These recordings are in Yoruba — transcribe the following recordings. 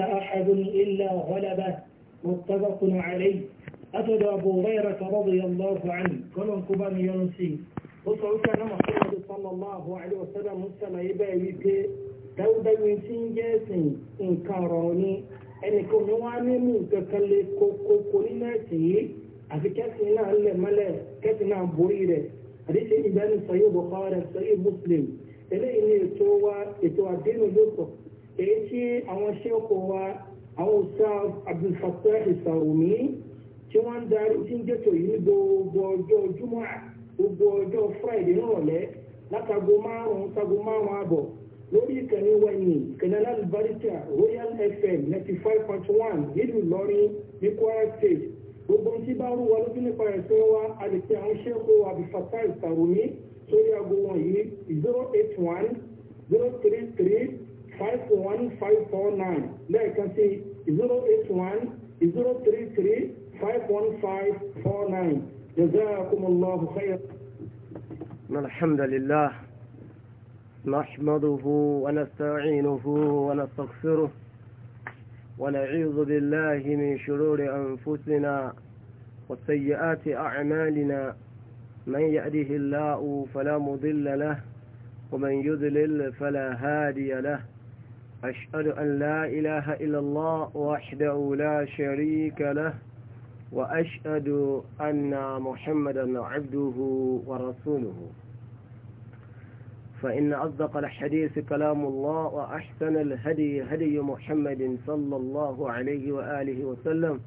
أحد إلا غلبه متفق عليه أتد أبو هريرة رضي الله عنه كلهم كبان ينسي وصعوك أنا محمد صلى الله عليه وسلم مسلم يبايك dáúdá yìí tí ń jẹ́ ẹ̀sìn nǹkan ọ̀rọ̀ ni ẹnìkan ni wọ́n á ní mú nǹkan kan lé kókókó nínú ẹ̀sìn yìí àfi kẹ́sìn náà lẹ̀ mọ́lẹ̀ kẹ́sìn náà borí rẹ̀ àdéhùn ìbẹ́ni sọ̀yìn bọ̀kọ́ rẹ̀ sọ̀yìn muslim eléyìí ni ètò wa ètò àdéhùn ló sọ̀kọ́ èyí tí àwọn ṣẹ́kọ̀ wa àwọn òṣà Abdulfatah Ìsàrùmí tí wọ́n ń darí tí ń jẹ́tò yìí ní gbogbo ọjọ́ Jímọ̀ gbogbo ọjọ́ Friday nírọ̀lẹ́ látago márùn-ún tago márùn-ún àbọ̀ lórí ìkànnì wẹ̀yìn ìkànnì alábàríkà Royal FM ninety five point one nílùú Ìlọrin ní Kwara State gbogbo tí bá rú wa lójú nípa ẹ̀sìn wa a lè pe àwọn ṣẹ́kọ̀ Abdulfatah Ìsàrùmí sórí aago wọ̀nyí zero eight one zero three three. 511549 lẹ́ẹ̀kan sí 081 033 51549 جزاكم الله خير الحمد لله نحمده ونستعينه ونستغفره ونعوذ بالله من شرور أنفسنا وسيئات أعمالنا من يأده الله فلا مضل له ومن يذلل فلا هادي له أشهد أن لا إله إلا الله وحده لا شريك له وأشهد أن محمدا عبده ورسوله فإن أصدق الحديث كلام الله وأحسن الهدي هدي محمد صلى الله عليه وآله وسلم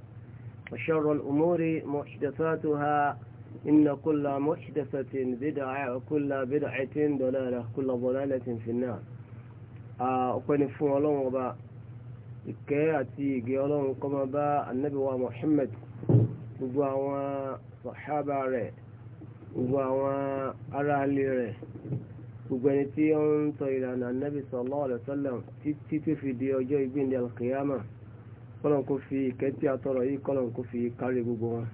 وشر الأمور محدثاتها إن كل محدثة بدعة وكل بدعة ضلالة كل ضلالة في النار ọpẹ́ ni fún ọlọ́run ọba ìkẹ́ àti ìgẹ́ ọlọ́run kó bá ànábì Muhammad gbogbo àwọn sàhábà rẹ̀ gbogbo àwọn aráalé rẹ̀ gbogbo ẹni tí ó ń tọ ìlànà annabi sallallahu alaihi títí tó fi di ọjọ́ ìgbìndé alkiyama kọ́lọ̀n kó fi ìkẹ́ tí a tọrọ yìí kọ́lọ̀n fi kárí gbogbo wọn.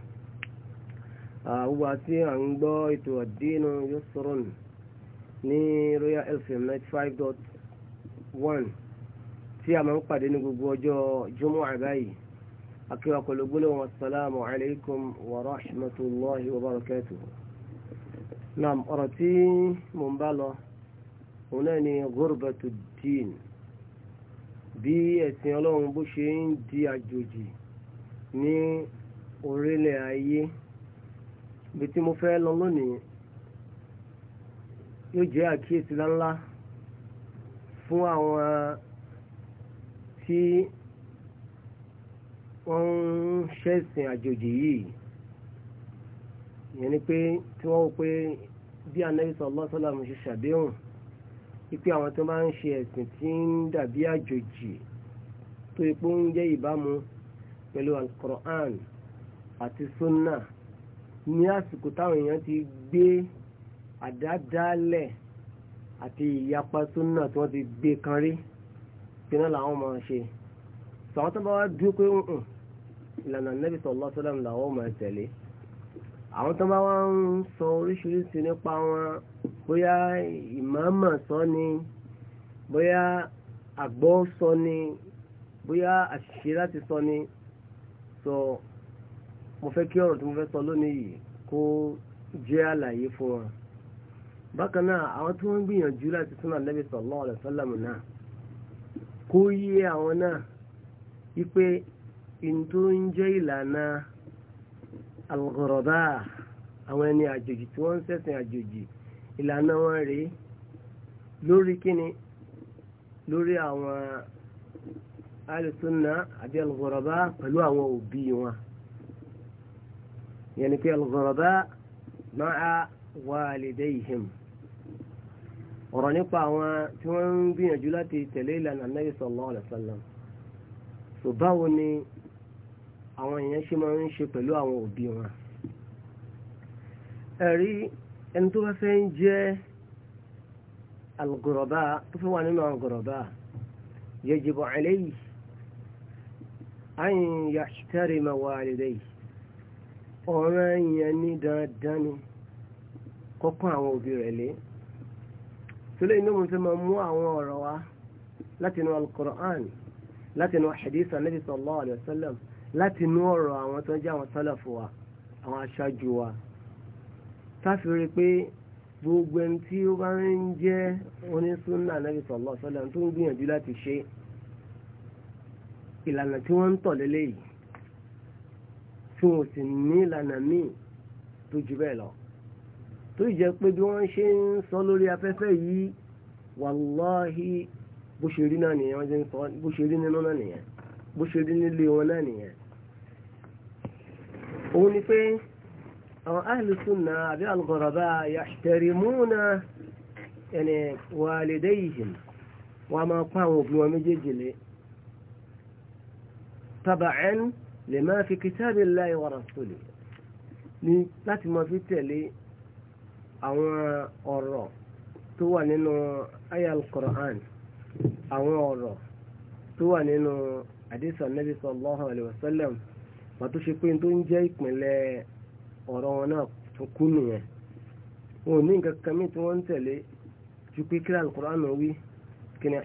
àwọn àti à ń gbọ́ ètò Royal FM ninety one tí a máa ń pàdé ní gbogbo ọjọ́ jùmọ̀ àbáyé akéwà pẹ̀lú gbólóhùn asalaamu alaykum wa rahmatulahi wa barakatuhu. naam ọ̀rọ̀ tí mò ń bá lọ òun náà ni gurbatu diin bí ẹ̀sìn ọlọ́run bó ṣe ń di àjòjì ní orílẹ̀ ayé bí tí mo fẹ́ lọ lónìí yóò jẹ́ àkíyèsí láńlá fún àwọn tí wọ́n ń ṣẹ̀sìn àjòjì yìí ìyẹn ni pé tí wọ́n wò pé bí anabi sallallahu alaihi wasallam ṣe ṣàdéhùn wípé àwọn tó máa ń ṣe ẹ̀sìn tí ń dàbí àjòjì tó ipò ń jẹ́ ìbámu pẹ̀lú al-Qur'an àti sunna ní àsìkò táwọn èèyàn ti gbé àdádálẹ̀ àti ìyapa súnà tí wọ́n ti gbé kan rí tí náà làwọn máa ṣe sọ̀rọ̀ tó bá wá dúró pé ń hàn ìlànà nẹ́bí sallallahu alaihi wasallam làwọn máa tẹ̀lé àwọn tó bá wá ń sọ oríṣiríṣi nípa wọn bóyá ìmáàmà sọ ni bóyá àgbọ̀ sọ ni bóyá àṣìṣe láti sọ ni sọ mo fẹ́ kí ọ̀rọ̀ tí mo fẹ́ sọ lónìí yìí kó jẹ́ àlàyé fún wọn. bákan náà àwọn tí wọ́n ń gbìyànjú láti súnà Nabi sallallahu alaihi wasallam náà kó yé àwọn náà wípé ìntó ń jẹ́ ìlànà alghuraba àwọn ẹni àjòjì tí wọ́n ń ṣẹ̀sìn àjòjì ìlànà wọn rèé lórí kíni lórí àwọn alìsúnà àbí alghuraba pẹ̀lú àwọn òbí wọn والديهم ọ̀rọ̀ nípa àwọn tí wọ́n ń gbìyànjú láti tẹ̀lé ìlànà Ànábì sallallahu alaihi so báwo ni àwọn èèyàn ṣe máa ń ṣe pẹ̀lú àwọn òbí wọn ẹ̀rí ẹni tó bá fẹ́ ń jẹ́ al tó fẹ́ wà nínú àwọn ghuraba yajibu alayhi an kọ́kọ́ àwọn òbí rẹ̀ lé sílẹ̀ inú mo fi máa mú àwọn ọ̀rọ̀ wa láti inú al-Qur'an láti inú hadith anabi sallallahu alayhi wa sallam láti inú ọ̀rọ̀ àwọn tó ń jẹ́ àwọn sálàfù wa àwọn aṣáájú wa sáfìrí pé gbogbo ẹni tí ó bá ń jẹ́ onísúnà anabi sallallahu alayhi tó ń gbìyànjú láti ṣe ìlànà tí wọ́n ń tọ̀ lélẹ́yìí tí wọ́n sì ní ìlànà míì tó ju bẹ́ẹ̀ lọ tó jẹ́ pé bí wọ́n ṣe ń sọ lórí afẹ́fẹ́ yìí wàláhí bó ṣe rí náà nìyẹn wọ́n ṣe ń sọ bó ṣe rí nínú náà nìyẹn bó ṣe rí nílé wọn náà nìyẹn. òun ni pé àwọn ahlu àbí al-ghuraba yahtarimuna ẹni walidayhim wọ́n a máa pa àwọn òbí wọn méjèèjì lé taba'an lima fi kitabillahi wa rasulihi ni láti máa fi tẹ̀lé àwọn ọ̀rọ̀ tó wà nínú ayal Qur'an àwọn ọ̀rọ̀ tó wà nínú àdìsọ Nabi sallallahu alaihi wasallam pàtó ṣe pé tó ń jẹ́ ìpínlẹ̀ ọ̀rọ̀ wọn náà tó kú nìyẹn wọn ò ní nǹkan kan mí tí wọ́n ń tẹ̀lé ju pé kí al-Qur'an wí kí ni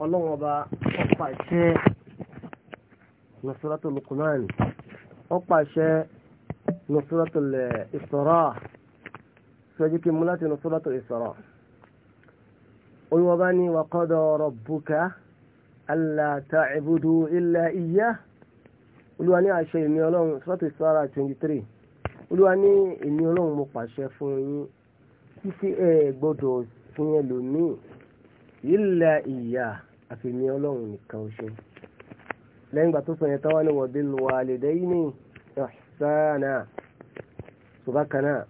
ọba ọ̀pá nusratu Luqman wọ́n pàṣẹ nusratu Isra sọ́jú kí mú láti nusratu Isra olùwọ́bá ni wa qada rabbuka alla ta'budu illa iyyah olúwa ní àṣẹ èmi ọlọ́run sọ́tò sọ́ra twenty three olúwa ní èmi ọlọ́run mo pàṣẹ fún yín títí ẹ gbọ́dọ̀ fún ẹlòmíì illa ìyá àfẹ̀mí ọlọ́run nìkan ṣoṣo lẹ́yìn ìgbà tó sọ yẹn táwọn ni wa bil walidayni ihsana ṣùgbọ́n kan náà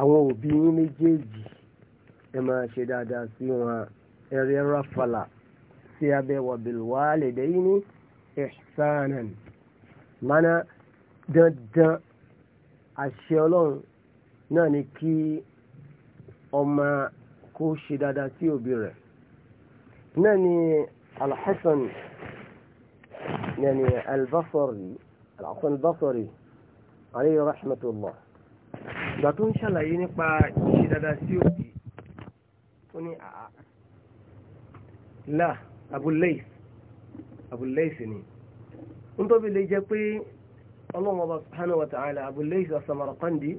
àwọn òbí yín méjèèjì ẹ máa ṣe dáadáa sí wọn ẹrẹ ráfàlà sí abẹ́ wa bil walidayni mana dandan àṣẹ ọlọ́run náà ni kí ọmọ kó ṣe dáadáa sí òbí rẹ̀ náà ni alhassan يعني البصري الحسن البصري عليه رحمة الله gbàtún ń ṣàlàyé nípa ìṣe dáadáa sí òbí ó ní àá láà abúléìs abúléìs ni ń tóbi lè jẹ pé ọlọ́wọ́n bá subhanahu wa ta'ala abúléìs as-Samarqandi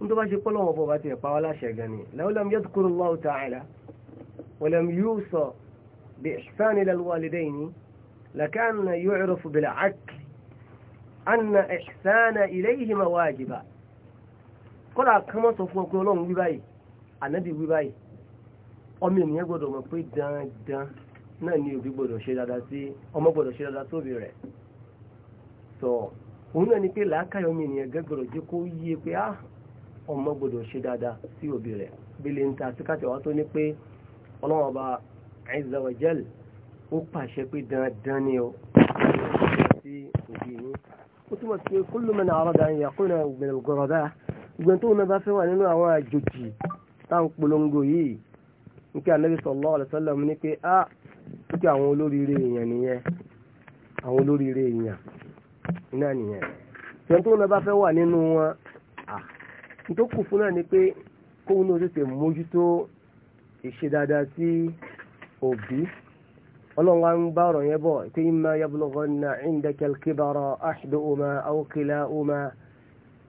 ń tó bá ṣe pé ọlọ́wọ́n bá bá ti ẹ̀pá wá láṣẹ gan ni law lam yadhkuru Allahu ta'ala wa lam yusa bi ihsan ila al-walidayn لكان يعرف بالعقل أن إحسان إليهما واجبا kódà kí wọ́n sọ fún ọkùnrin ọlọ́run wí báyìí ànábì wí báyìí ọmọ ènìyàn gbọ́dọ̀ mọ̀ pé dandan náà ni òbí gbọ́dọ̀ ṣe dáadáa ni pé làákàyè ọmọ ènìyàn gẹ́ yíye pé á ọmọ gbọ́dọ̀ ṣe dáadáa sí òbí bí lè ń ta tó ní pé ọba ó pàṣẹ pé dandan ni ó sí òbí yín ó túmọ̀ sí pé kullu man arada an yakuna min al-ghuraba ìgbẹ́n tóun náà bá fẹ́ wà nínú àwọn àjòjì táwọn polongo yìí ní kí anabi sallallahu alaihi wasallam ní pé á ah, ní kí àwọn olóríire èèyàn nìyẹn àwọn olóríire èèyàn náà nìyẹn ìgbẹ́n tóun náà bá fẹ́ wà nínú wọn tó kù fún náà ni pé kóun náà tètè mójútó ìṣe dáadáa sí òbí ọlọ́run ń bá ọ̀rọ̀ yẹn bọ̀ tí imma yablughanna indaka al-kibara ahaduhuma aw kilahuma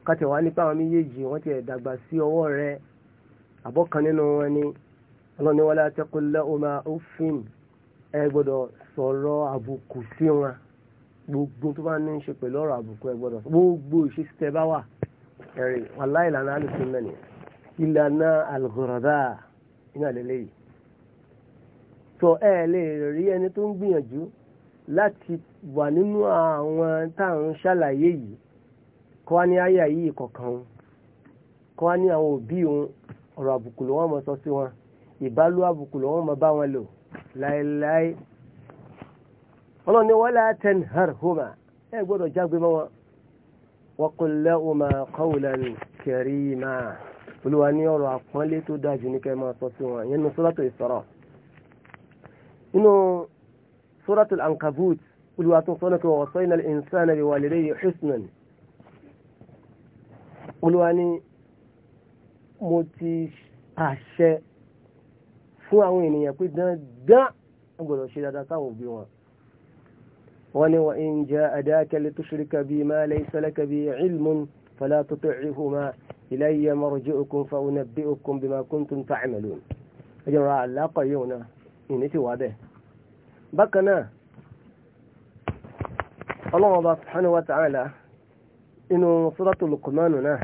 káti wá nípa àwọn méjèèjì wọ́n ti dàgbà sí ọwọ́ rẹ àbọ̀kan nínú wọn ni ọlọ́run ní wala taqul lahuma uffin ẹ gbọ́dọ̀ sọ̀rọ̀ àbùkù sí wọn gbogbo tó bá ní í ṣe pẹ̀lú ọ̀rọ̀ àbùkù ẹ gbọ́dọ̀ gbogbo ìṣesí tó ẹ lè rí ẹni tó ń gbìyànjú láti wà nínú àwọn táwọn ṣàlàyé yìí kọ́ ni ní yìí kọ̀ọ̀kan kọ́ wá àwọn òbí òun ọ̀rọ̀ àbùkù sọ sí wọn ìbálò àbùkù bá wọn lò láéláé ọlọ́run ni wala tanharhuma ẹ gbọ́dọ̀ jágbe mọ́ wọn ní ọ̀rọ̀ àpọ́nlé tó dájú ní kẹ́ sọ sí wọn ní nínú suratul ankabut olùwà tó sọ́nà kí wa wasayna al-insana bi walidayhi husnan olùwà ni mo ti pàṣẹ fún àwọn ènìyàn pé dandan a gbọ́dọ̀ ṣe dáadáa sáwọn òbí wọn wọ́n ni wa in ja'adaka litushrika bi ma laysa laka bi ilmun fala tuti'huma ilayya marji'ukum fa unabbi'ukum bima kuntum ta'malun ẹjọ́ ra àlápàá yóò náà ìní ti wà bẹ́ẹ̀ bákan náà ọlọ́wọ́n bá subhanahu wa ta'ala inú suratu lukumanu náà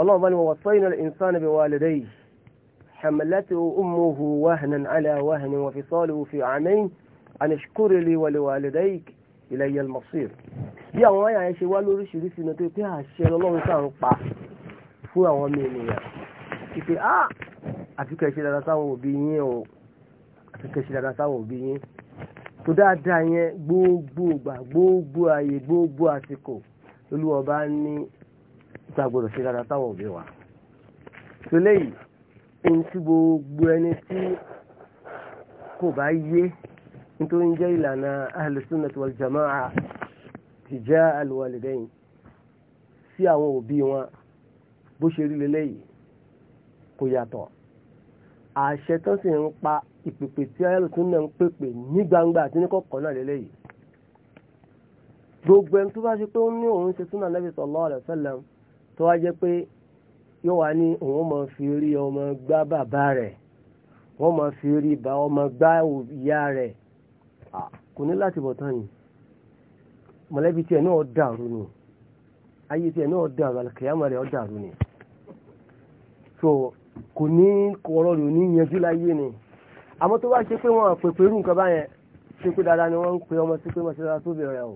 ọlọ́wọ́n bá ní wa wassayna al-insana biwalidayhi حملته أمه وهنا على وهن وفصاله في عامين أن اشكر لي ولوالديك إلي المصير bí àwọn ayà ẹ ṣe wá lóríṣiríṣi náà tó pé àṣẹ ọlọ́run sáà ń pa fún àwọn ọmọ ènìyàn ìpè á ah, àfikẹ́ ṣe dára sáwọn òbí yín o kẹ̀kẹ́ ṣe dáadáa sáwọn òbí yín tó dáadáa yẹn gbogbo ìgbà gbogbo ààyè gbogbo àsìkò olúwa bá ní ìgbàgbọ́dọ̀ ṣe dáadáa sáwọn òbí wa tó léyìí ohun tí gbogbo ẹni tí kò bá yé nítorí jẹ́ ìlànà ahlu sunnah wal jamaa tìjà alwalidain sí àwọn òbí wọn bó ṣe rí lélẹ́yìí kò yàtọ̀ àṣẹ tó sì ń pa ìpèpè tí ayélujára náà ń pèpè ní gbangba àti ní kọ̀ọ̀kan náà lélẹ́yìí gbogbo ẹni tó bá ṣe pé ó ní òun ṣe súnà Nabi sallallahu alaihi wasallam tó wá jẹ́ pé yóò wá ní òun máa fi rí ọmọ gbá bàbá rẹ̀ wọ́n máa fi rí bá ọmọ gbá ìyá rẹ̀ kò ní láti bọ̀ tán yìí mọ̀lẹ́bí tiẹ̀ náà dàrú ni ayé tiẹ̀ náà dàrú alìkèyàmọ̀ rẹ̀ dàrú ni kò ní kọ̀ọ̀rọ̀ rẹ̀ ò ní yanjú láyé ni àmọ́ tó bá ṣe pé wọ́n pèpè irú nǹkan báyẹn ṣe pé dáadáa ni wọ́n ń pe ọmọ sí pé mọ̀ṣẹ́ dáadáa tó bẹ̀rẹ̀ o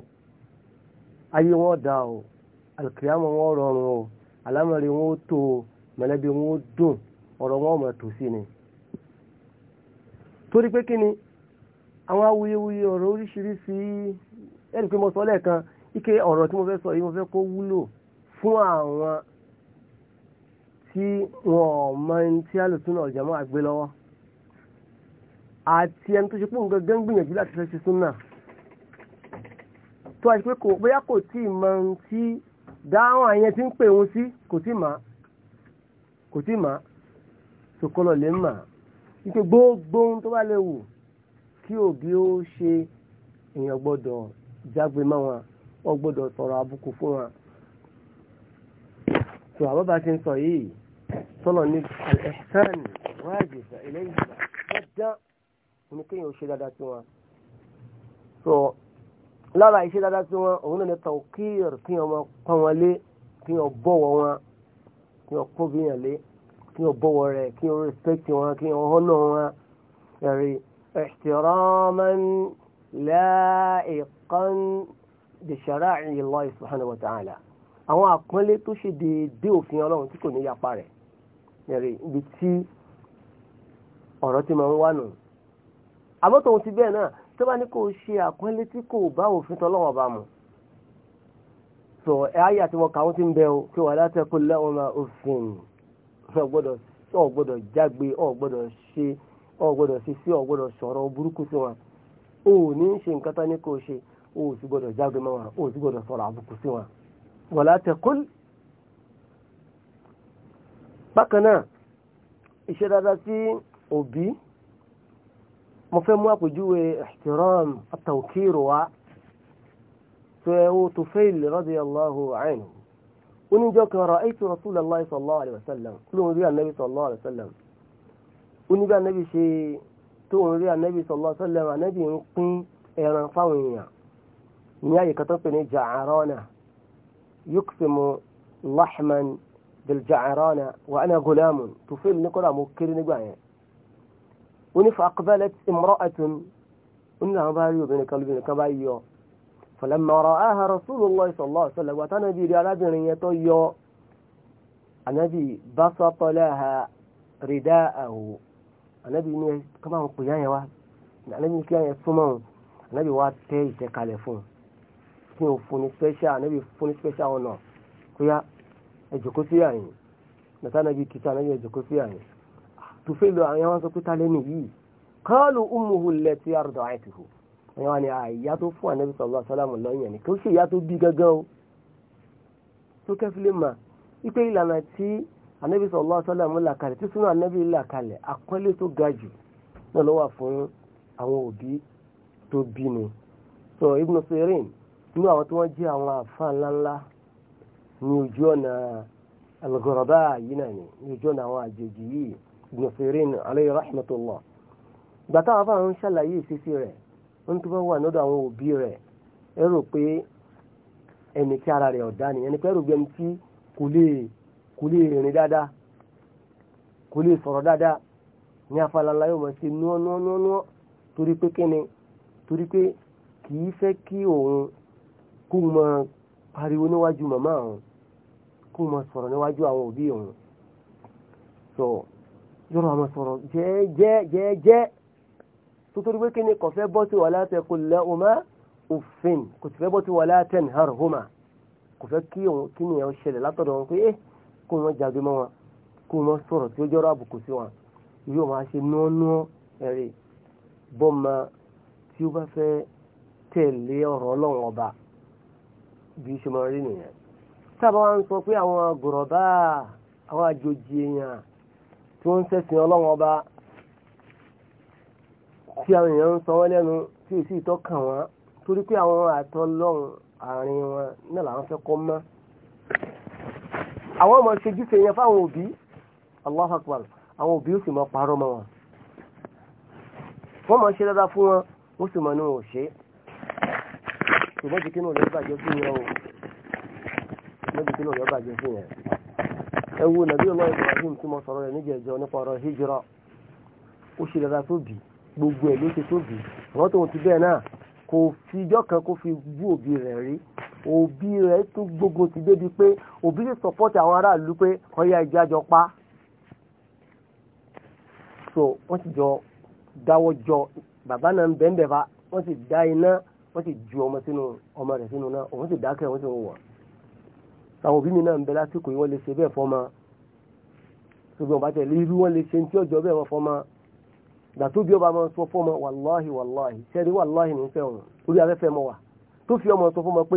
ayé wọn dà o àlùkìyàmọ̀ wọn rọrùn o àlámọ̀rẹ́ wọn ó tó o mọ̀lẹ́bí wọn ó dùn ọ̀rọ̀ wọn ọ̀mọ̀ tó sí ni. torí pé kí ni àwọn awuyewuye ọ̀rọ̀ oríṣiríṣi ẹ̀rì pé mo sọ lẹ́ẹ̀kan ike ọ̀rọ̀ tí mo fẹ́ sọ yìí mo fẹ́ kó wúlò fún àwọn tí wọn ò mọ ẹni tí alùsùn náà jàmọ́ àgbé lọ́wọ́ àti ẹni tó ṣe pé nǹkan gán gbìyànjú láti fẹ́ ṣe súnà tó a ṣe pé bóyá kò tí ì mọ ohun tí dáhùn àyẹn tí ń pè wọn sí kò tí ì mọ̀ kò tí ì mọ̀ sòkòlò lè mà wípé gbogbo ohun tó bá lè wù kí òbí ó ṣe èèyàn gbọ́dọ̀ jágbe mọ́ wọn wọ́n gbọ́dọ̀ sọ̀rọ̀ àbùkù fún wọn. tò àbábá ṣe ń sọ yìí tọ́lọ̀ ní al-ihsan wajib ilayhi dandan oníkéyìn ò ṣe dáadáa tí wọn. so lára ìṣe dáadáa tí wọn òun náà ní tawqir kí ọmọ pọ́n wọn lé kí ọ bọ̀wọ̀ wọn kí ọ kó bíyàn lé kí ọ bọ̀wọ̀ rẹ̀ kí ọ respect wọn kí ọ họ́nà wọn ẹ̀rí ihtiraman la'iqan bi shara'i Allah subhanahu wa àwọn àpọ́nlé tó ṣe déédéé òfin ọlọ́run tí kò ní yapa rẹ̀. ẹ̀rí ibi tí ọ̀rọ̀ ti ma ń wà nù. àmọ́ ti bẹ́ẹ̀ náà tó bá ní kò ṣe àpọ́nlé tí kò bá òfin tọ́lọ́wọ́n bá mu sọ ẹ ayé àti wọn kàwọn ti ń bẹ kí wọn aláṣẹ kó òfin ọ gbọ́dọ̀ ọ jágbe ọ gbọ́dọ̀ ṣe ọ ọ gbọ́dọ̀ sọ̀rọ̀ burúkú sí wọn o ní ṣe nǹkan tán ní ṣe o sì gbọ́dọ̀ jágbe o sì gbọ́dọ̀ sọ̀rọ̀ àbùkù sí bákan náà ìṣe dáadáa sí òbí mo fẹ́ mú àpèjúwe ihtiram at-tawqir wa tó ẹ wo Tufayl radiyallahu anhu oníjọ́ kan ra'aytu rasulallahi sallallahu alayhi wa sallam kí ló ń rí ànábì sallallahu alayhi wa sallam oníbí ànábì ṣe tó ń rí ànábì sallallahu alayhi wa sallam ànábì ń pín ẹran fáwọn èèyàn ní àyíká tó pè ní Ja'arana yuqsimu lahman بالجعرانة وأنا غلام تفيل نقول مكر نقول ونف أقبلت امرأة إنها باريو بين قلبين كبايو فلما رآها رسول الله صلى الله عليه وسلم وتنبي لأبن يطيو النبي بسط لها رداءه النبي كما هو قياني واحد النبي كياني يسمون النبي واتي تكالفون كيو فوني سبيشا النبي فوني سبيشا ونو قيا ẹ jókòó sí àyìn nàtà nàbí kìtà nàbí ẹ jókòó sí àyìn tùfẹ́ lọ àwọn wọn sọ pé ta lẹ́nu yìí kọ́ọ̀lù umuhu lẹ ti àrùdọ̀ àìtìhù ẹ̀yàn ni ní àyà tó fún ànábì sọ̀rọ̀ àsálàmù lọ́yìn ẹ̀ni kí ó sì ìyá tó bí gángan o tó kẹ́fílẹ̀ mà ipe ìlànà tí ànábì sọ̀rọ̀ àsálàmù là kalẹ̀ tí súnà ànábì là kalẹ̀ àkọ́lé tó ga jù náà ló wà fún àwọn òbí tó bí ni sọ Ibn Sirin nínú àwọn tí wọ́n jẹ́ àwọn àfa ńláńlá ní ojú ọ̀nà alugọ̀rọ̀bá yìí náà ni ní ojú ọ̀nà àwọn àjèjì yìí Ibn Sirin alayhi rahmatullah gbàtà wọn fáwọn ṣàlàyé ìṣesí rẹ̀ ń tó bá wà lọ́dọ̀ àwọn òbí rẹ̀ ẹ rò pé ẹni tí ara rẹ̀ ọ̀dá ni ẹni pé ẹ rò pé ẹni tí kò lè rìn dáadáa kò lè sọ̀rọ̀ dáadáa ní afalala yóò máa ṣe núọ́núọ́núọ́ torí pé kíni torí pé kì í fẹ́ kí òun kó máa pariwo níwájú màmá òun kó máa sọ̀rọ̀ níwájú àwọn òbí òun so yọrọ àwọn sọ̀rọ̀ jẹ́ẹ́jẹ́ẹ́jẹ́ tó torí pé kí ni kò fẹ́ bọ́ sí wàhálà tẹ kò lẹ́ ọmọ òfin kò sì fẹ́ bọ́ sí wàhálà tẹ nìhar homa kò fẹ́ kí òun kí ni ẹ̀hún ṣẹlẹ̀ látọ̀dọ̀ wọn pé ẹ eh, kó wọn jáde mọ́ wọn kó wọn sọ̀rọ̀ tí ó jọrọ àbùkù sí wọn yóò máa ṣe núọ́núọ́ ẹ̀rí bọ́mọ tí ó bá fẹ́ tẹ̀lé ọ̀rọ̀ ọlọ́run ọba bí ó ṣe máa rí nìyẹn tábà wá ń sọ pé àwọn gùrọ̀bá àwọn àjòjì èèyàn tí wọ́n ń sẹ́sìn ọlọ́wọ́n ọba tí àwọn èèyàn ń sọ wọ́n lẹ́nu tí ò sì tọ́kàn wọ́n torí pé àwọn àtọ́lọ́run àárín wọn náà làwọn fẹ́ kọ́ mọ́ àwọn ọmọ ṣojúṣe yẹn fáwọn òbí Allahu Akbar àwọn òbí ó sì mọ parọ́ mọ́ wọn wọ́n mọ̀ ṣe dáadáa fún wọn ó sì mọ̀ ní wọn ò ṣe ṣùgbọ́n jù kí ní olè bàjẹ́ fún wọn o ànábì tí lóòrè bàjẹ́ fún yẹn ẹ wo nàbí ọlọ́ Ibrahim tí mo sọ̀rọ̀ rẹ̀ níjẹ̀jọ́ nípa ọ̀rọ̀ hijira ó ṣe dada tó bì gbogbo ẹ̀ ló ṣe tó bì àwọn tó ń ti bẹ́ẹ̀ náà kò fi ijọ́ kan kó fi bú òbí rẹ̀ rí òbí rẹ̀ tún gbogbo ti débi pé òbí lè sọpọ́tì àwọn aráàlú pé ọyá ìjájọ pa so wọ́n ti jọ dáwọ́ jọ bàbá náà ń bẹ́ẹ̀ bẹ́ẹ̀ fa wọ́n sì dá iná wọ́n sì ju ọmọ sínú ọmọ rẹ̀ sínú náà òun sì dákẹ́ wọ́n sì ń wọ̀ àwọn òbí mi náà ń bẹ lásìkò yìí wọ́n lè ṣe bẹ́ẹ̀ fọ́mọ ṣùgbọ́n bá tẹ̀lé irú wọn lè ṣe ní tí ọjọ́ bẹ́ẹ̀ wọ́n fọ́mọ gbàtóbi ọba máa sọ fọ́mọ wàláhì wàláhì sẹ́rí wàláhì ní fẹ́ ọ̀run orí afẹ́fẹ́ mọ wà tó fi ọmọ sọ fọ́mọ pé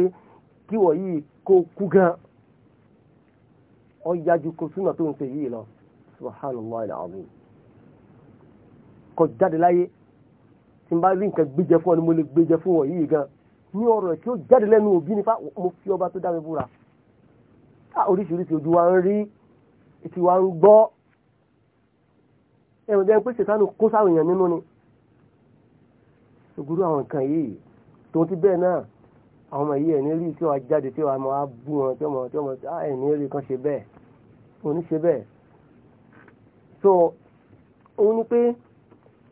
kí wọ́n yìí kó kú gan ọ yájú kó súnà tó ń ṣe yìí lọ subhanallah alazim kọ jáde láyé ni mo lè gbéjẹ fún ọ yìí gan ní ọ̀rọ̀ oríṣiríṣi ojú wa ń rí ìtì wa ń gbọ́ ẹ̀rọ jẹ́ pé ṣètánù kó sáwọn èèyàn nínú ni ṣùgbọ́n àwọn nǹkan yìí tó ti bẹ́ẹ̀ náà àwọn ọmọ yìí ẹ̀ní rí tí wọ́n jáde tí wọ́n á bú wọn tí wọ́n tí wọ́n ẹ̀ní rí kan ṣe bẹ́ẹ̀ kò ní ṣe bẹ́ẹ̀ so òun ni pé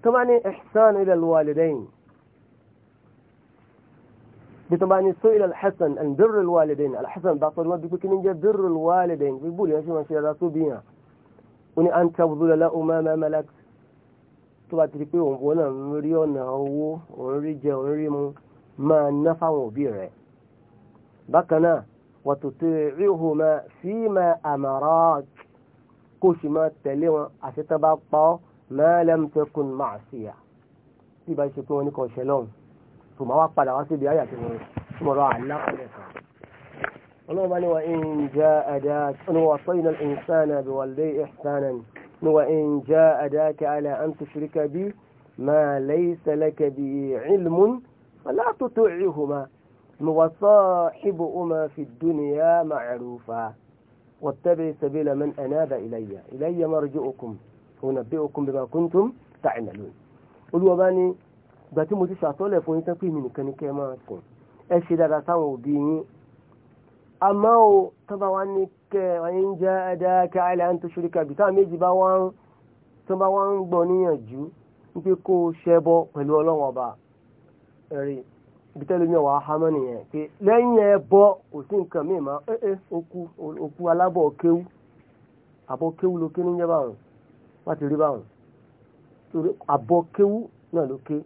tó bá ní ihsan ila alwalidayn bí tó bá ní sọ ilẹ̀ alhassan and birru alwalidain alhassan bá sọ́dọ̀ wọn bí kíni jẹ́ birru alwalidain bí bóòlù yẹn ṣe máa ṣe ra sóbì yàn ó ní an tabudula la umar mamalak tó bá ti di pé òun bò náà ń rí ọ̀nà owó òun rí jẹ òun rí mu máa ná fáwọn òbí rẹ̀ bákan náà wàtò tó rí òhùn máa fi máa àmàrà kó o sì máa tẹ̀lé wọn àti tó bá pa ọ́ máa lẹ́mú tẹ́kùn máa ṣìyà bí ìbá ṣe pé wọ́n ní kò ṣẹlọ́run ثم وقل واسي بآية ثم رعلق لك اللهم أني وإن جاء ذاك أن الإنسان بوالدي إحسانا وإن جاء ذاك على أن تشرك بي ما ليس لك به علم فلا تطعهما وصاحبهما في الدنيا معروفا واتبع سبيل من أناب إلي إلي مرجئكم ونبئكم بما كنتم تعملون قلوا باني ìgbà tí mo ti ṣàtọ́lẹ̀ fún yín tán pé mi nìkan ni kẹ́ ẹ máa sìn ẹ ṣe dáadáa sáwọn òbí yín àmọ́ o tó bá wá ní kẹ́ ẹ̀yin jẹ́ ẹ̀dáàkẹ́ àìlẹ̀ àǹtó ṣoríkà bí táwọn méjì bá wá ń tó bá wá ń gbọ́ níyànjú wípé kó o ṣẹbọ pẹ̀lú ọlọ́wọ́n ọba ẹ̀rí ibi tẹ́lẹ̀ ní ọ̀wà hamọ́ nìyẹn pé lẹ́yìn ẹ bọ́ kò sí nǹkan míì máa ẹ́ ẹ́ òkú alábọ̀ kéwú àbọ̀ kéwú ló ké níjẹ́ báwọn wá rí báwọn àbọ̀ kéwú náà ló ké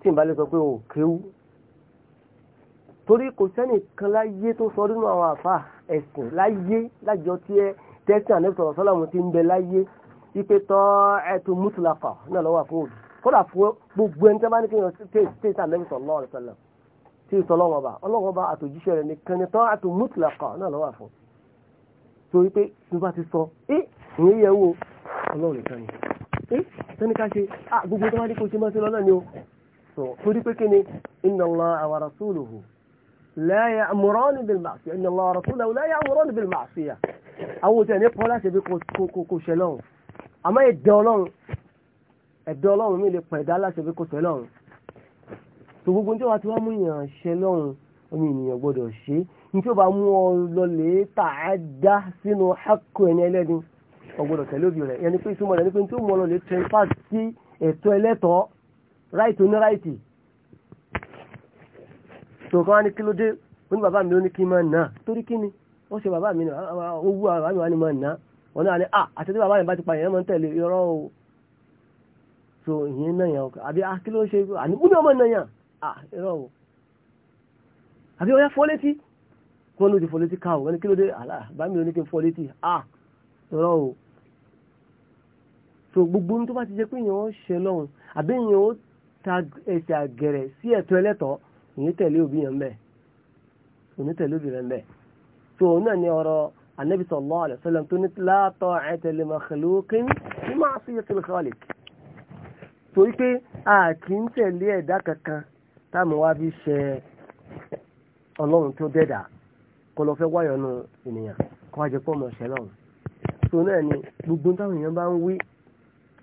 tí n bá lè sọ pé o kéwú torí kò sẹ́nìkan láyé tó sọ nínú àwọn àfa ẹ̀sìn láyé lájọ tí ẹ tẹ́sí àná sọ̀rọ̀ sọ́làmù ti ń bẹ láyé ipe tọ́ ẹ̀tún mùtùláfà náà lọ́wọ́ fún òbí kódà fún gbogbo ẹni tí wọ́n bá ní kí wọ́n tẹ́sí àná lọ́wọ́ sọ́làmù tí ì sọlọ́wọ́ ọba ọlọ́wọ́ ọba àtòjíṣẹ́ rẹ̀ nìkan ni tán àtò mútìlákà náà lọ́wọ́ àfọ́ torí pé tí wọ́n bá ti sọ é ìyẹn yẹ ni é tẹ́ni ká ah, so torí pé kí ni inna Allaha wa rasuluhu la ya'murani bil ma'siyah inna Allaha wa rasuluhu la ya'murani bil ma'siyah àwọn òtí ẹ̀ ní pọ́lá ṣe bí kò ṣẹlọ́run àmọ́ ẹ̀dẹ́ ọlọ́run ẹ̀dẹ́ ọlọ́run mi lè pẹ̀dá láṣẹ bí kò ṣẹlọ́run tó gbogbo tí wàá ti wá mú yàn ṣẹlọ́run omi ènìyàn gbọ́dọ̀ ṣe ní tí ó bá mú ọ lọlé tààdá sínú hákò ẹni ẹlẹ́ni ọgbọ́dọ̀ tẹ̀lé òbí rẹ̀ yẹn pé ìtumọ̀ rẹ̀ ni pé tí ó mú ọ lọlé tẹ̀lé ráìtì oní ráìtì tòkan wá ní kí ló dé ó ní bàbá mi ló ní kí n máa nà torí kí ni ó ṣe bàbá mi ó wú bàbá mi wá ní máa nà wọn náà ní à ah, àti tí mi bá ti pààyàn máa ń tẹ̀lé irọ́ o so ìyẹn náà yàn ọkọ àbí ah, kí ló ṣe àní ó ní ọmọ náà yàn à ah, irọ́ o àbí ọyá fọ́ létí kí wọ́n ló ti fọ́ létí ká o wọ́n ní kí ló dé mi ló ní kí n fọ́ létí à o so gbogbo ohun tó bá ti jẹ́ pé èèyàn ó ṣe lọ́hùn àbí èèyàn ó ẹsẹ̀ àgẹ̀rẹ̀ sí ẹ̀tọ́ ẹlẹ́tọ̀ọ́ ìyẹn tẹ̀lé òbí yẹn bẹ́ẹ̀ òní tẹ̀lé òbí rẹ̀ bẹ́ẹ̀ tó òun náà ní ọ̀rọ̀ anabi sallallahu alaihi wasallam tó ní la ta'ata li makhluqin fi ma'siyatil khaliq torí pé a kì í tẹ̀lé ẹ̀dá kankan táàmù wá fi ṣe ọlọ́run tó dẹ́dà kó lọ fẹ́ wáyọ̀ nu ènìyàn kó wá jẹ pọ̀ mọ̀ ṣẹ́ lọ́run tó náà ni gbogbo táwọn èèyàn bá ń wí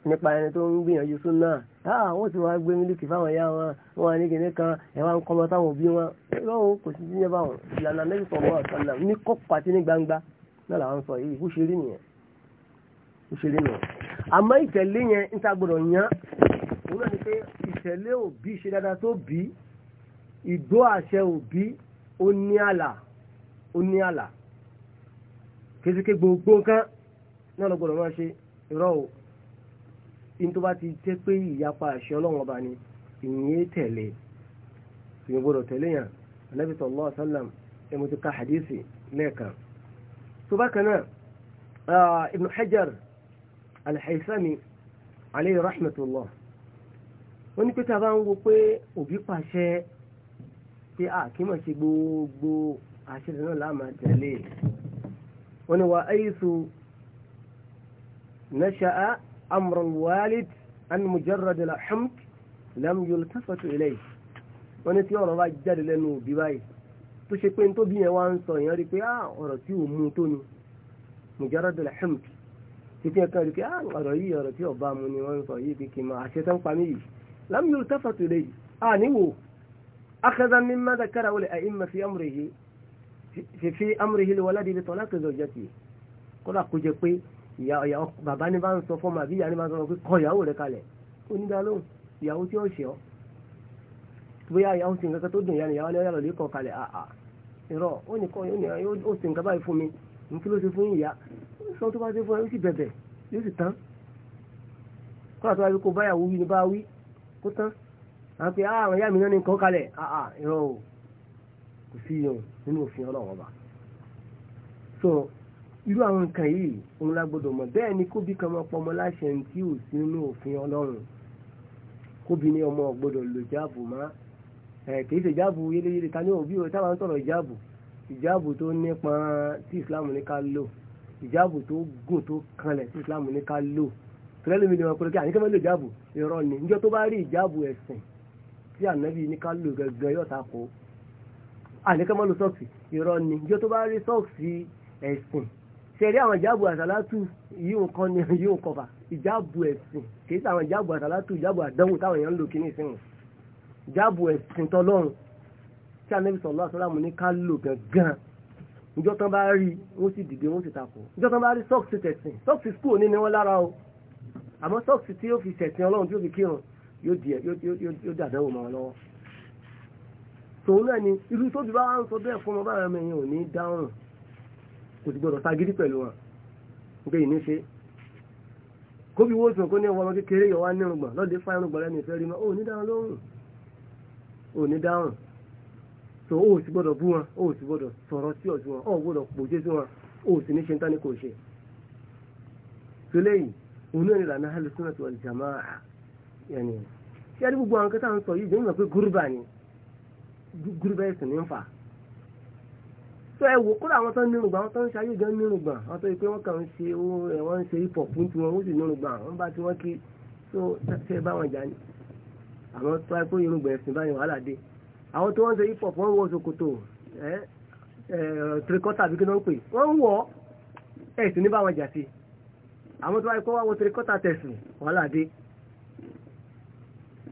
nípa ẹni tó ń gbìyànjú sún náà ah wọ́n ti wá gbé mílíkì fáwọn ìyá wọn wọn ní kìnní kan ẹ̀wà ń kọ́mọ táwọn òbí wọn lọ́wọ́ kò sí jíjẹ́ báwọn ìlànà lẹ́yìn sọ̀rọ̀ àtàlà ní kọ́kọ́ àti ní gbangba náà làwọn sọ yìí bó ṣe rí nìyẹn bó ṣe rí nìyẹn àmọ́ ìtẹ̀lé yẹn ń ta gbọ́dọ̀ yán òun náà ni pé ìtẹ̀lé òbí ṣe dáadáa tó bí ìgbó àṣẹ òbí ó ní àlà ó ní àlà kéṣeké gbogbo nǹkan náà lọ in tó bá ti jẹ́ pé ìyapa àṣẹ ọlọ́run ọba ni ìyìn tẹ̀lé ìyìn gbọdọ̀ tẹ̀lé yàn anabi sallallahu alaihi wasallam ẹmu ti ka hadisi lẹ́ẹ̀kan tó bá kan náà ah, ibn hajar alhaisami aleyhi rahmatullah wọ́n ní pé tá a bá ń wo pé òbí pàṣẹ pé a kì í mọ̀ ṣe gbogbo àṣẹ náà láàmà tẹ̀lé wọ́n ní wa ayéṣu náṣà أمر الوالد عن مجرد الحمد لم يلتفت إليه wọ́n ti ọ̀rọ̀ bá jáde lẹ́nu òbí báyìí tó ṣe pé tó bí yẹn wá ń sọ yẹn rí pé ọ̀rọ̀ tí ò mú tó ni mujarrad alhamd títí ẹ̀kan rí pé ọ̀rọ̀ yìí ọ̀rọ̀ tí ọba mu ni wọ́n ń sọ yìí pé kí n máa àṣẹ tán pa mí yìí lam yultafat ilayhi à níwò akhadhan mimma dhakara wal a'imma fi amrihi fi amrihi li waladi bi talaqi zawjatihi kódà kó jẹ pé bàbá ní bá ń sọ fọ́ọ̀mù àbí ìyá ni bá ń sọ fọ́ọ̀mù pé kọ ìyàwó rẹ kalẹ̀ ó ní dá lóhùn ìyàwó tí ó ṣe ọ́ bóyá ìyàwó sì nǹkan tó dùn ìyá ìyàwó ni ọ̀yà lè kọ kalẹ̀ àà irọ́ ó ní kọ́ ó sì nǹkan báyìí fún mi nkí ló ṣe fún ìyá sọ tó bá ṣe fún ẹ ó sì bẹ̀bẹ̀ yóò sì tán kọ́ra tó bá kó báyàwó wí ni bá wí kó tán àwọn pé àwọn ìyá mi náà ní kọ́ kalẹ̀ àà irọ́ o kò sí iyàn nínú òfin ọlọ́wọ́ bá so irú àwọn nǹkan yìí òun la gbọdọ̀ mọ̀ bẹ́ẹ̀ ni kóbi kan máa pọ̀ ọmọ láṣẹ ní tí ò sí nínú òfin ọlọ́run kóbi ni ọmọ gbọdọ̀ lò jáàbù má ẹ̀ kìí ṣe jáàbù yéléyéle ta ní òbí rẹ̀ táwọn ń sọ̀rọ̀ ìjáàbù ìjáàbù tó nípa tí ìsìláàmù ní ká lò ìjáàbù tó gùn tó kanlẹ̀ tí ìsìláàmù ní ká lò tẹ́lẹ̀mí ni wọn kọ́ lókè àníkẹ́ mẹ́lẹ̀ ìjáàbù irọ́ ni níjọ́ tó bá rí ìjáàbù ẹ̀sìn tí ànábì ní ká lò gẹ́gẹ́ yóò ta kó àníkẹ́ mẹ́lẹ̀ sọ́ọ̀sì irọ́ ni níjọ́ tó bá rí sọ́ọ̀sì ẹ̀sìn ṣẹ̀rí àwọn ìjáàbù àsàlátù yíò kan ní yíò kọfà ìjáàbù ẹ̀sìn kìí sàwọn ìjáàbù àsàlátù ìjáàbù àdánwò táwọn èèyàn ń lò kí ní ìsìn ìjáàbù ẹ̀sìn tọlọ́run tí anábì sọ̀lọ́ àsọ́lámù ní ká lò gangan ìjọ tán bá rí wọ́n sì dìde wọ́n sì takò ìjọ tán bá rí sọ́ọ̀sì tẹ̀sìn sọ́ọ̀sì skul ní ni wọ́n lára o àmọ́ sọ́ọ̀sì tí yóò fi tẹ̀sìn ọlọ́run tí yóò fi kírun yóò di àdánwò mọ́ wọn lọ́wọ́ tòun náà ni irú tóbi bá wà ń sọ bẹ́ẹ̀ fún ọmọ báyọ̀ mẹ́yìn ò ní dáhùn kò sì gbọdọ̀ sagídí pẹ̀lú wọn nígbà yìí ní ṣe kóbi wo sùn kó ní ọmọ kékeré yọ wá nírùngbọ̀n lọ́dẹ fáyín rúgbọ̀n lẹ́nu ìfẹ́ rí mọ́ ò ní dáhùn lóhùn ò ní dáhùn so ó sì gbọdọ̀ bú wọn ó sì gbọdọ̀ sọ̀rọ̀ sí ọ̀sùn wọn ó gbọdọ̀ pòjé sí wọn ó sì ní ṣe ń tání kò ṣe so lẹ́yìn òun náà ní ìlànà ahlu sunnah wal jama'a yẹn ni ṣé adé gbogbo àwọn kẹta ń sọ yìí jẹ́ ń mọ̀ pé gúrúbà ni gúrúbà ẹ̀sìn ní ń fà tó ẹ wò kúrò àwọn tó ń nírùngbà àwọn tó ń ṣayé gan nírùngbà àwọn tó yẹ pé wọ́n kàn ń ṣe wọ́n ń ṣe hip hop ní tiwọn wọ́n sì nírùngbà wọ́n bá tiwọn kí tó ṣe bá wọn jà ní. àwọn tó ẹ pé irùngbà ẹ̀sìn báyìí wàhálà dé àwọn tó ń ṣe hip hop wọ́n wọ ṣòkòtò ẹ ẹ tirikọ́tà àbí kí ló ń pè wọ́n ń wọ ẹ̀ sì ní bá wọn jà sí àwọn tó wáyé kó wá wo tirikọ́tà tẹ̀sùn wàhálà dé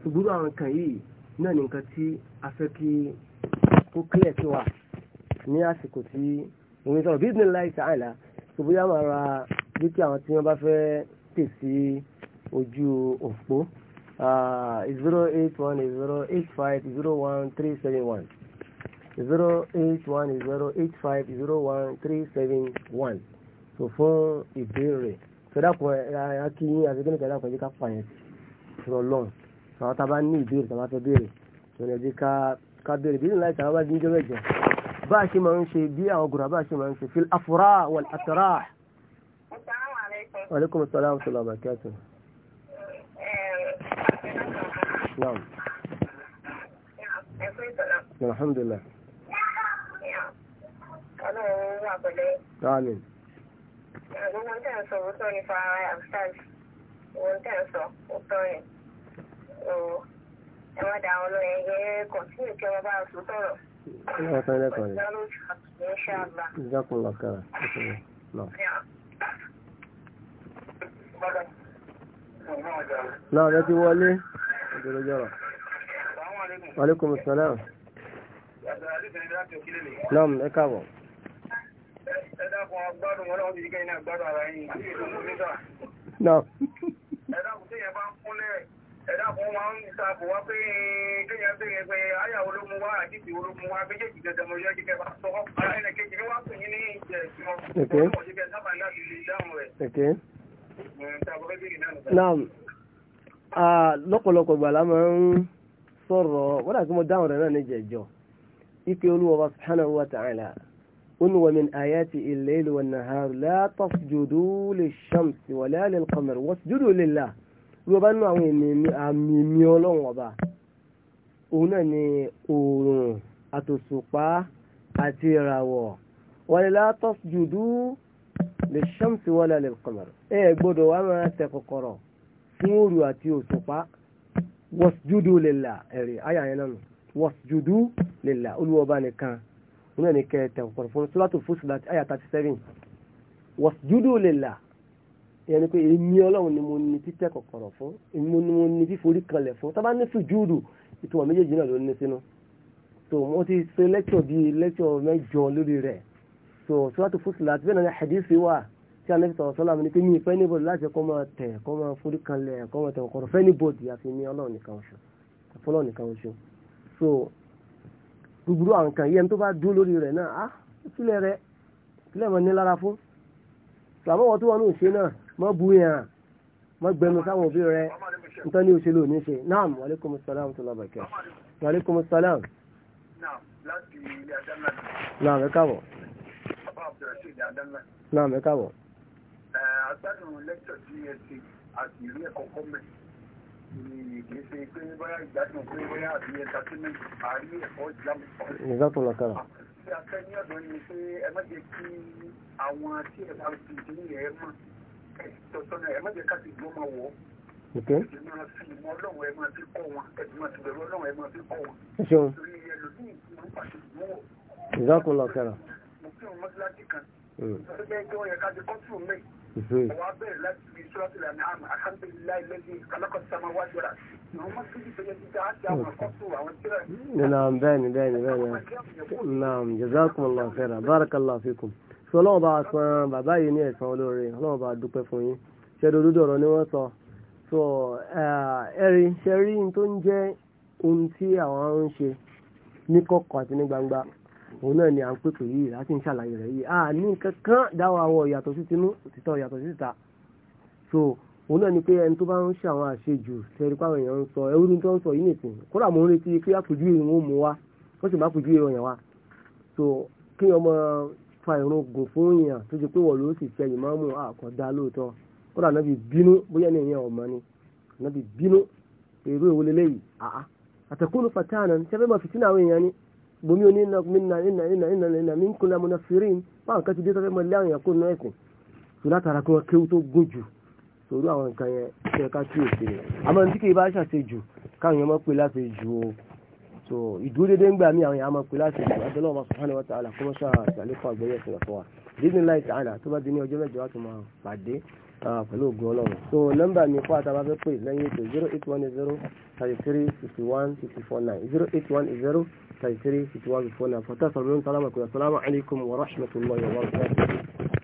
ṣùgbúrú àwọn kan yìí náà ní a fẹ́ kí kó kílẹ̀ sí ní àsìkò tí òun sọ̀rọ̀ bí ìdílé láì sàáìlà tó bóyá máa ra dúkìá àwọn tí wọ́n bá fẹ́ pè sí ojú òpó ah, zero eight one zero eight five zero one three seven one zero eight one zero eight five zero one three seven one so fún ìbéèrè sọdọ́kùn akínyìn àti kíníkà ẹ̀dá kan jẹ́ ká pààyàn sọ̀rọ̀ lọ́n àwọn tá a bá ní ìbéèrè tá a bá fẹ́ béèrè sọ̀rọ̀ ẹ̀jẹ̀ ká béèrè bí ìdílé láì sàáìlà bá dín jẹ́ mẹ́jọ. باشي ما يمشي بيئة وقرى باشي ما يمشي في الأفراء والأتراح السلام عليكم وعليكم السلام ورحمة الله وبركاته نعم نعم السلام الحمد لله نعم أنا أقول الله تعالى قال إن شاء الله جزاكم الله خيرا نعم náà rẹ ti wọlé ìbẹ̀rẹ̀ jọrọ̀ wàlékùn mùsùlùmí náà ẹ káàbọ̀. ẹ dákun agbádùn wọn ti di kẹ́yìn ara yín náà. ẹ tí yẹn bá ń kúnlẹ̀ ẹ̀dá kan máa ń sàbò wá pé kéèyàn béèrè pé àyà ológun wá àdìsí ológun wá méjèèjì dandan mo yọ jí kẹfà sọ ara ẹnì kejì ni wá pè yín ní ìjẹ ìjọ ológun òjì kẹfà sábà láti lè dáhùn rẹ̀. naam lọ́pọ̀lọpọ̀ gbà la máa ń sọ̀rọ̀ wọ́n dàgbé mo dáhùn rẹ̀ náà ní jẹ̀jọ́ ike olúwa subhanahu wa ta'ala قل ومن آياته الليل والنهار لا تسجدوا للشمس ولا للقمر واسجدوا لله bí wọ́n bá nínú àwọn àmì mi ọlọ́run ọba òun náà ni oòrùn àtòṣùpá àti ìràwọ̀ wàlélá tọ́sjúdú lè ṣọ́mùsí wọlé lè kọ̀mọ̀rọ̀ ẹ gbọ́dọ̀ wà máa tẹ kọ̀kọ̀rọ̀ fún òru àti òṣùpá wọ́sjúdú lèlà ẹ̀rí ayà yẹn náà wọ́sjúdú lèlà olúwọba nìkan òun náà ni kẹ tẹ kọ̀kọ̀rọ̀ fún sọ́látò fúsùlá ayà 37 wọ́sjúdú lèlà ìyẹn ni pé èmi ọlọ́run ni mo ní títẹ́ kọ̀kọ̀rọ̀ fún èmi ni mo ní fíforí kanlẹ̀ fún tá bá ní sùjúdù ìtumọ̀ méjèèjì náà ló ní sínú tó mo ti ṣe lẹ́kṣọ̀ bíi lẹ́kṣọ̀ mẹ́jọ lórí rẹ̀ tó sọ́tò fúsìlà àti bẹ́ẹ̀ náà hadith wà tí a nẹ́fẹ̀ẹ́ sọ̀rọ̀ sọ́lá mi ni pé mi ìfẹ́ níbọ̀dì láti kọ́ máa tẹ̀ kọ́ máa forí kanlẹ̀ kọ́ máa tẹ̀ kọ̀rọ̀ fẹ́ níbọ̀dì àti mi ọlọ́run so gbogbo àwọn kan yẹn tó bá dún lórí rẹ̀ náà á ah, ìpìlẹ̀ rẹ̀ ìpìlẹ̀ mọ̀ ní lára fún sàmọ́wọ́ tó wọn ní òṣè náà mọ́ bu yàn mọ́ gbẹnu sáwọn òbí rẹ nítorí òṣèlú ò ní ṣe naam wàlékùm salam tó lọ́bàá kẹ́ wàlékùm salam. naam ẹ káàbọ̀. naam ẹ káàbọ̀. agbádùn lẹ́kítọ̀ tí ẹ ti àti ìlú ẹ̀kọ́ kọ́mẹ̀ kì í ṣe pé bóyá ìgbádùn pé bóyá àti ẹ̀ka tí mi parí ẹ̀kọ́ ìjábọ̀. ìjákùn lọ́kàrà tí a fẹ́ ní ọ̀dọ́ ni pé ẹ má jẹ́ kí àwọn tọ́sọ́nà ẹ̀ má jẹ́ ká ti dúró máa wọ̀ ọ́ ẹ máa fi ìmọ̀ ọlọ́run ẹ máa fi kọ́ wọn ẹ máa fi bẹ̀rù ọlọ́run ẹ máa fi kọ́ wọn torí ẹlòmíì ló ń pàṣẹ ìmọ̀ ìzákùnlọ kẹrà mo fi hàn mọ́síláṣí kan ẹgbẹ́ hmm. ẹgbẹ́ wọn yẹ ká ti kọ́tù mẹ́ ọwọ́ abẹ́rẹ́ láti fi sọ́ọ́tì lànà àmà alhamdulilayi lẹ́yìn alákọ̀tàmá wájú rà àwọn mọ́síláṣí tó yẹ barakallahu fikum sọ ọlọ́run bá san bàbá yìí ní ẹ̀san olóore ọlọ́run bá dúpẹ́ fún yín ṣẹ́dọ̀ dúdú ọ̀rọ̀ ni wọ́n sọ so ẹ̀rí ṣẹ́rí tó ń jẹ́ ohun tí àwọn ń ṣe ní kọ̀kọ̀ àti ní gbangba òun náà ni à ń pèpè yìí láti ń ṣàlàyé rẹ̀ yìí a ní kankan dáwọ́ àwọ̀ ìyàtọ̀ sí tinú òtítọ́ ìyàtọ̀ sí ta so òun náà ni pé ẹni tó bá ń ṣe àwọn àṣejù ṣẹ́rí pàwọn èèyàn ń sọ ẹrú ni tó ń sọ yìí nìsín kódà mo ń retí pé àpèjúwe wọn mú wa wọ́n sì bá àpèjúwe wọn wa so kí ọmọ fa irun gùn fún yàn tó ti pé wọ́n ló sì fẹ́ ìmáàmù àkọ́dá lóòótọ́ kódà náà bí bínú bóyá ní ìyẹn ọ̀mọ́ ni náà bí bínú èrò ìwọlé lẹ́yìn àá àtẹ̀kùnú fatahana ní sẹ́fẹ́ máa fìtínà àwọn èèyàn ni bomi oní iná iná iná iná iná iná mi ń kun náà munafirin báwọn kan ti dé sọ́fẹ́ máa lé àwọn èèyàn kó náà ẹ̀sìn tó látara kí wọ́n kéwú tó gùn jù so ìdúródédé ń gbà mí àwọn èèyàn máa pè láti ìlú abẹ́lẹ́ ọmọ subhanahu wa ta'ala kó mọ́ ṣáà àtàlékún àgbẹ̀yẹ̀ fún wa bismillahi ta'ala tó bá di ní ọjọ́ mẹ́jọ láti pàdé pẹ̀lú ògùn ọlọ́run so nọ́mbà mi fún àtàwọn afẹ́ pè lẹ́yìn ètò zero eight one zero thirty three fifty one fifty four nine zero eight one zero thirty three fifty one fifty four nine fọ́tà sọ̀rọ̀ lóun sálámà kùnà sálámà alaykum wa rahmatulahi wa barakatuh.